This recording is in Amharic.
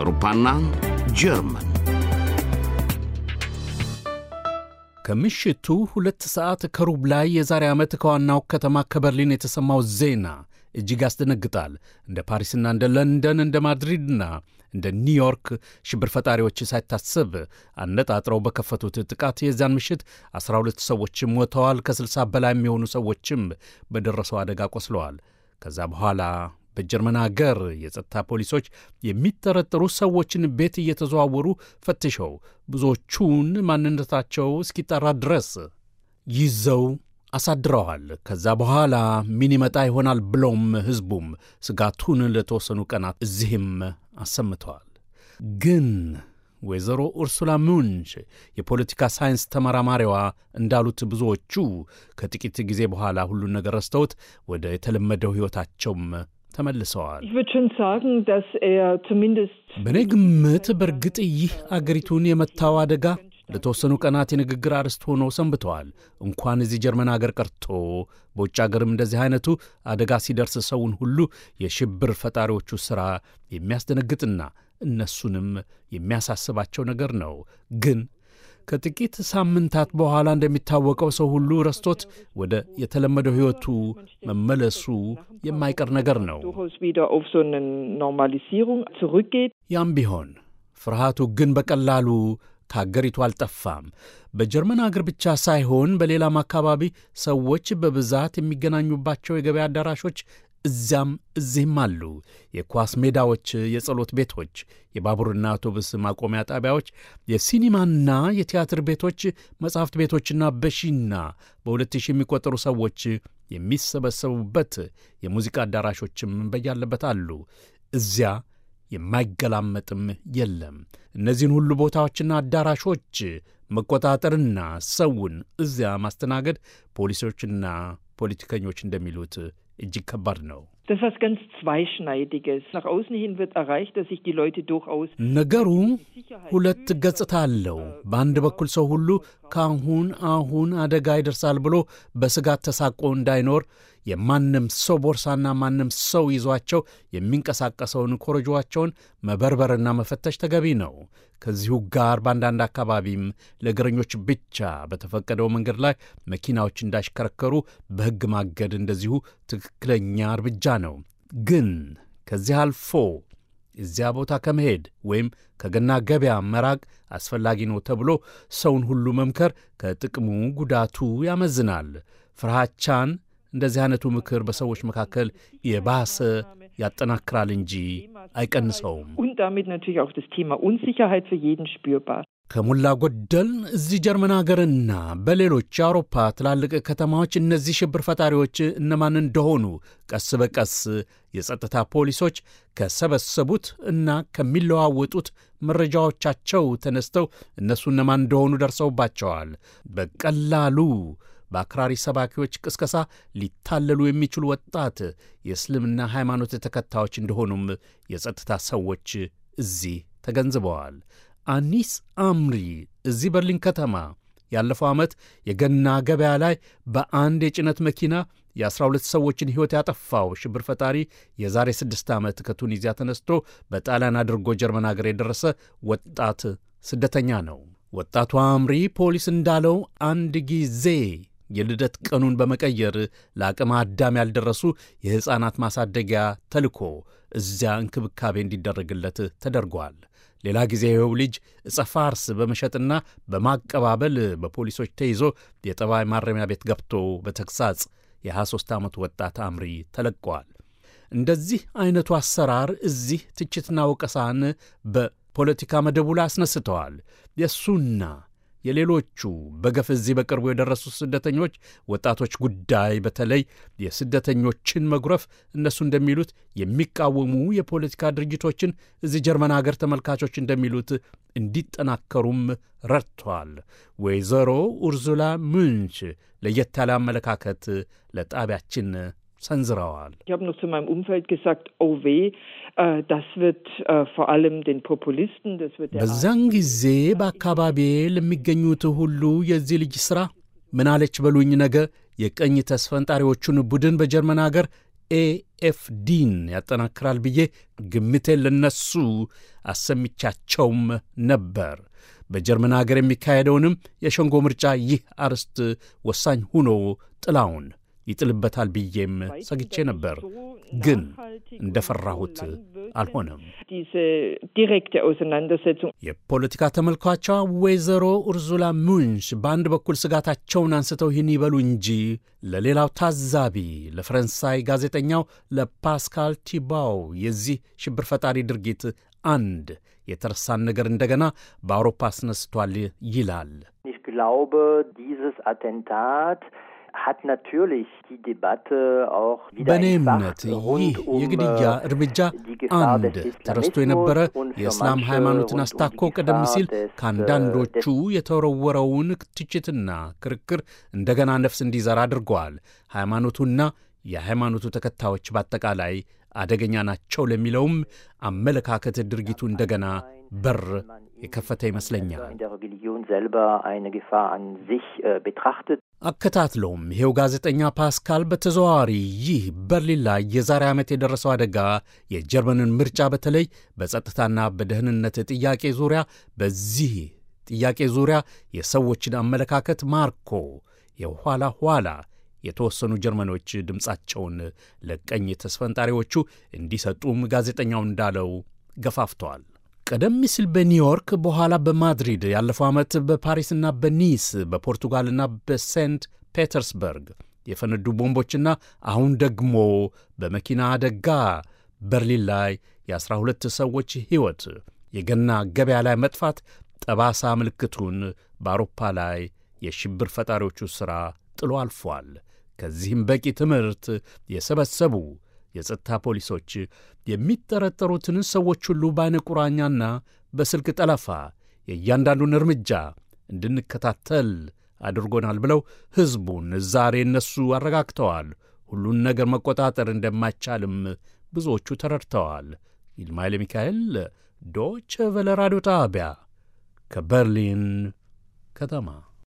አውሮፓና ጀርመን ከምሽቱ ሁለት ሰዓት ከሩብ ላይ የዛሬ ዓመት ከዋናው ከተማ ከበርሊን የተሰማው ዜና እጅግ ያስደነግጣል። እንደ ፓሪስና እንደ ለንደን እንደ ማድሪድና እንደ ኒውዮርክ ሽብር ፈጣሪዎች ሳይታሰብ አነጣጥረው በከፈቱት ጥቃት የዚያን ምሽት 12 ሰዎችም ሞተዋል። ከ60 በላይ የሚሆኑ ሰዎችም በደረሰው አደጋ ቆስለዋል። ከዛ በኋላ በጀርመን አገር የጸጥታ ፖሊሶች የሚጠረጠሩ ሰዎችን ቤት እየተዘዋወሩ ፈትሸው ብዙዎቹን ማንነታቸው እስኪጠራ ድረስ ይዘው አሳድረዋል። ከዛ በኋላ ምን ይመጣ ይሆናል ብሎም ሕዝቡም ስጋቱን ለተወሰኑ ቀናት እዚህም አሰምተዋል ግን ወይዘሮ ኡርሱላ ሙንሽ የፖለቲካ ሳይንስ ተመራማሪዋ እንዳሉት ብዙዎቹ ከጥቂት ጊዜ በኋላ ሁሉን ነገር ረስተውት ወደ የተለመደው ሕይወታቸውም ተመልሰዋል። er በእኔ ግምት በእርግጥ ይህ አገሪቱን የመታው አደጋ ለተወሰኑ ቀናት የንግግር አርዕስት ሆኖ ሰንብተዋል። እንኳን እዚህ ጀርመን አገር ቀርቶ በውጭ አገርም እንደዚህ አይነቱ አደጋ ሲደርስ ሰውን ሁሉ የሽብር ፈጣሪዎቹ ሥራ የሚያስደነግጥና እነሱንም የሚያሳስባቸው ነገር ነው። ግን ከጥቂት ሳምንታት በኋላ እንደሚታወቀው ሰው ሁሉ ረስቶት ወደ የተለመደው ሕይወቱ መመለሱ የማይቀር ነገር ነው። ያም ቢሆን ፍርሃቱ ግን በቀላሉ ከአገሪቱ አልጠፋም። በጀርመን አገር ብቻ ሳይሆን በሌላም አካባቢ ሰዎች በብዛት የሚገናኙባቸው የገበያ አዳራሾች እዚያም እዚህም አሉ። የኳስ ሜዳዎች፣ የጸሎት ቤቶች፣ የባቡርና አውቶቡስ ማቆሚያ ጣቢያዎች፣ የሲኒማና የቲያትር ቤቶች፣ መጻሕፍት ቤቶችና በሺና በሁለት ሺህ የሚቆጠሩ ሰዎች የሚሰበሰቡበት የሙዚቃ አዳራሾችም በያለበት አሉ። እዚያ የማይገላመጥም የለም። እነዚህን ሁሉ ቦታዎችና አዳራሾች መቆጣጠርና ሰውን እዚያ ማስተናገድ ፖሊሶችና ፖለቲከኞች እንደሚሉት እጅግ ከባድ ነው። ነገሩ ሁለት ገጽታ አለው። äh, በአንድ በኩል ሰው ሁሉ ካሁን አሁን አደጋ ይደርሳል ብሎ በስጋት ተሳቆ እንዳይኖር የማንም ሰው ቦርሳና ማንም ሰው ይዟቸው የሚንቀሳቀሰውን ኮረጆዋቸውን መበርበርና መፈተሽ ተገቢ ነው። ከዚሁ ጋር በአንዳንድ አካባቢም ለእግረኞች ብቻ በተፈቀደው መንገድ ላይ መኪናዎች እንዳሽከረከሩ በሕግ ማገድ እንደዚሁ ትክክለኛ እርምጃ ነው። ግን ከዚህ አልፎ እዚያ ቦታ ከመሄድ ወይም ከገና ገበያ መራቅ አስፈላጊ ነው ተብሎ ሰውን ሁሉ መምከር ከጥቅሙ ጉዳቱ ያመዝናል። ፍርሃቻን እንደዚህ አይነቱ ምክር በሰዎች መካከል የባሰ ያጠናክራል እንጂ አይቀንሰውም። ከሞላ ጎደል እዚህ ጀርመን አገርና በሌሎች የአውሮፓ ትላልቅ ከተማዎች እነዚህ ሽብር ፈጣሪዎች እነማን እንደሆኑ ቀስ በቀስ የጸጥታ ፖሊሶች ከሰበሰቡት እና ከሚለዋወጡት መረጃዎቻቸው ተነስተው እነሱ እነማን እንደሆኑ ደርሰውባቸዋል። በቀላሉ በአክራሪ ሰባኪዎች ቅስቀሳ ሊታለሉ የሚችሉ ወጣት የእስልምና ሃይማኖት ተከታዮች እንደሆኑም የጸጥታ ሰዎች እዚህ ተገንዝበዋል። አኒስ አምሪ እዚህ በርሊን ከተማ ያለፈው ዓመት የገና ገበያ ላይ በአንድ የጭነት መኪና የ12 ሰዎችን ሕይወት ያጠፋው ሽብር ፈጣሪ የዛሬ ስድስት ዓመት ከቱኒዚያ ተነስቶ በጣሊያን አድርጎ ጀርመን አገር የደረሰ ወጣት ስደተኛ ነው። ወጣቱ አምሪ ፖሊስ እንዳለው አንድ ጊዜ የልደት ቀኑን በመቀየር ለአቅመ አዳም ያልደረሱ የሕፃናት ማሳደጊያ ተልኮ እዚያ እንክብካቤ እንዲደረግለት ተደርጓል። ሌላ ጊዜ ይኸው ልጅ ዕፀ ፋርስ በመሸጥና በማቀባበል በፖሊሶች ተይዞ የጠባይ ማረሚያ ቤት ገብቶ በተግሳጽ የ23 ዓመቱ ወጣት አምሪ ተለቀዋል። እንደዚህ ዐይነቱ አሰራር እዚህ ትችትና ወቀሳን በፖለቲካ መደቡ ላይ አስነስተዋል። የእሱና የሌሎቹ በገፍ እዚህ በቅርቡ የደረሱ ስደተኞች ወጣቶች ጉዳይ በተለይ የስደተኞችን መጉረፍ እነሱ እንደሚሉት የሚቃወሙ የፖለቲካ ድርጅቶችን እዚህ ጀርመን አገር ተመልካቾች እንደሚሉት እንዲጠናከሩም ረድቷል። ወይዘሮ ኡርዙላ ሙንች ለየት ያለ አመለካከት ለጣቢያችን ሰንዝረዋል። Ich habe noch zu meinem Umfeld gesagt, oh weh, äh, das wird äh, vor allem den Populisten, das wird der በዛን ጊዜ በአካባቢዬ ለሚገኙት ሁሉ የዚህ ልጅ ሥራ ምን አለች በሉኝ። ነገ የቀኝ ተስፈንጣሪዎቹን ቡድን በጀርመን አገር ኤኤፍዲን ያጠናክራል ብዬ ግምቴ ለነሱ አሰምቻቸውም ነበር። በጀርመን አገር የሚካሄደውንም የሸንጎ ምርጫ ይህ አርስት ወሳኝ ሆኖ ጥላውን ይጥልበታል ብዬም ሰግቼ ነበር። ግን እንደፈራሁት አልሆነም። የፖለቲካ ተመልካቿ ወይዘሮ ኡርዙላ ሙንሽ በአንድ በኩል ስጋታቸውን አንስተው ይህን ይበሉ እንጂ ለሌላው ታዛቢ ለፈረንሳይ ጋዜጠኛው ለፓስካል ቲባው የዚህ ሽብር ፈጣሪ ድርጊት አንድ የተረሳን ነገር እንደገና በአውሮፓ አስነስቷል ይላል። hat natürlich die Debatte auch ይህ የግድያ እርምጃ አንድ ተረስቶ የነበረ የእስላም ሃይማኖትን አስታኮ ቀደም ሲል ከአንዳንዶቹ የተወረወረውን ትችትና ክርክር እንደገና ነፍስ እንዲዘራ አድርገዋል። ሃይማኖቱና የሃይማኖቱ ተከታዮች በአጠቃላይ አደገኛ ናቸው ለሚለውም አመለካከት ድርጊቱ እንደገና በር የከፈተ ይመስለኛል። አከታትሎም ይሄው ጋዜጠኛ ፓስካል በተዘዋዋሪ ይህ በርሊን ላይ የዛሬ ዓመት የደረሰው አደጋ የጀርመንን ምርጫ በተለይ በጸጥታና በደህንነት ጥያቄ ዙሪያ በዚህ ጥያቄ ዙሪያ የሰዎችን አመለካከት ማርኮ የኋላ ኋላ የተወሰኑ ጀርመኖች ድምፃቸውን ለቀኝ ተስፈንጣሪዎቹ እንዲሰጡም ጋዜጠኛው እንዳለው ገፋፍተዋል። ቀደም ሲል በኒውዮርክ በኋላ በማድሪድ ያለፈው ዓመት በፓሪስና በኒስ በፖርቱጋልና በሴንት ፔተርስበርግ የፈነዱ ቦምቦችና አሁን ደግሞ በመኪና አደጋ በርሊን ላይ የ12 ሰዎች ሕይወት የገና ገበያ ላይ መጥፋት ጠባሳ ምልክቱን በአውሮፓ ላይ የሽብር ፈጣሪዎቹ ሥራ ጥሎ አልፏል። ከዚህም በቂ ትምህርት የሰበሰቡ የጸጥታ ፖሊሶች የሚጠረጠሩትን ሰዎች ሁሉ በዐይነ ቁራኛና በስልክ ጠለፋ የእያንዳንዱን እርምጃ እንድንከታተል አድርጎናል ብለው ሕዝቡን ዛሬ እነሱ አረጋግተዋል። ሁሉን ነገር መቆጣጠር እንደማይቻልም ብዙዎቹ ተረድተዋል። ይልማ ኃይለ ሚካኤል ዶች ቨለ ራዲዮ ጣቢያ ከበርሊን ከተማ